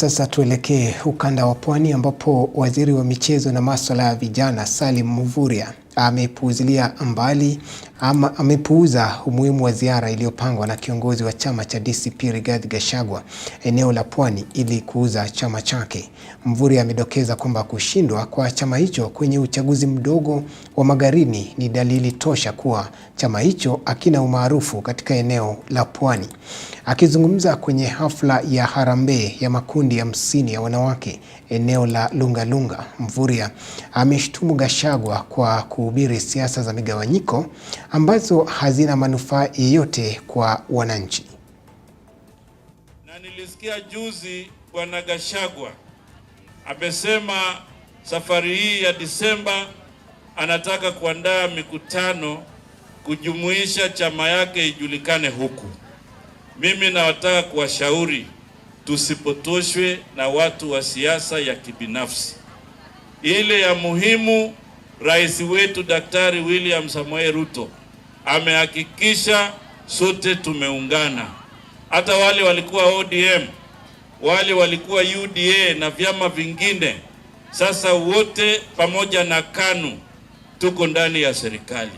Sasa tuelekee ukanda wa Pwani ambapo waziri wa michezo na masuala ya vijana Salim Mvurya amepuuzilia mbali ama amepuuza umuhimu wa ziara iliyopangwa na kiongozi wa chama cha DCP Rigathi Gachagua eneo la Pwani ili kuuza chama chake. Mvuri amedokeza kwamba kushindwa kwa chama hicho kwenye uchaguzi mdogo wa Magarini ni dalili tosha kuwa chama hicho hakina umaarufu katika eneo la Pwani. Akizungumza kwenye hafla ya harambee ya makundi hamsini ya wanawake eneo la Lungalunga, mvuria ameshtumu Gachagua kwa kuhubiri siasa za migawanyiko ambazo hazina manufaa yeyote kwa wananchi. Na nilisikia juzi Bwana Gashagwa amesema safari hii ya Disemba anataka kuandaa mikutano kujumuisha chama yake ijulikane huku. Mimi nawataka kuwashauri tusipotoshwe na watu wa siasa ya kibinafsi. Ile ya muhimu, rais wetu Daktari William Samoei Ruto amehakikisha sote tumeungana, hata wale walikuwa ODM, wale walikuwa UDA na vyama vingine, sasa wote pamoja na KANU tuko ndani ya serikali.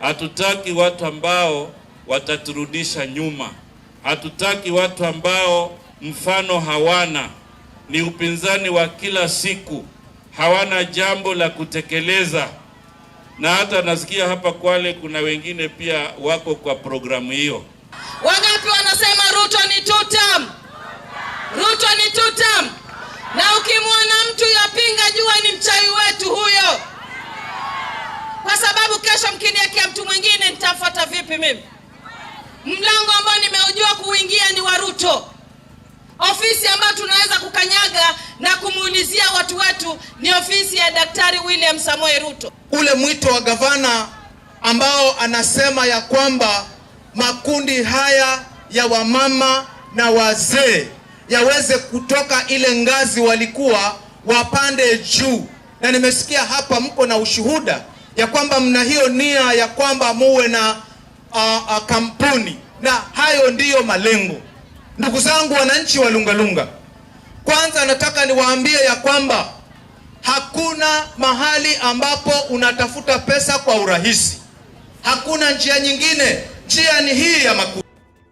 Hatutaki watu ambao wataturudisha nyuma, hatutaki watu ambao mfano hawana, ni upinzani wa kila siku, hawana jambo la kutekeleza na hata nasikia hapa Kwale kuna wengine pia wako kwa programu hiyo. Wangapi wanasema Ruto ni tutam? Ruto ni tutam. Na ukimwona mtu yapinga, jua ni mchawi wetu huyo, kwa sababu kesho mkiniekea mtu mwingine, nitafuata vipi mimi mlango ambao nime kumalizia watu wetu ni ofisi ya Daktari William Samoei Ruto. Ule mwito wa gavana ambao anasema ya kwamba makundi haya ya wamama na wazee yaweze kutoka ile ngazi walikuwa wapande juu, na nimesikia hapa mko na ushuhuda ya kwamba mna hiyo nia ya kwamba muwe na a, a kampuni na hayo ndiyo malengo. Ndugu zangu wananchi wa Lungalunga, kwanza nataka niwaambie ya kwamba hakuna mahali ambapo unatafuta pesa kwa urahisi. Hakuna njia nyingine, njia ni hii ya makundi.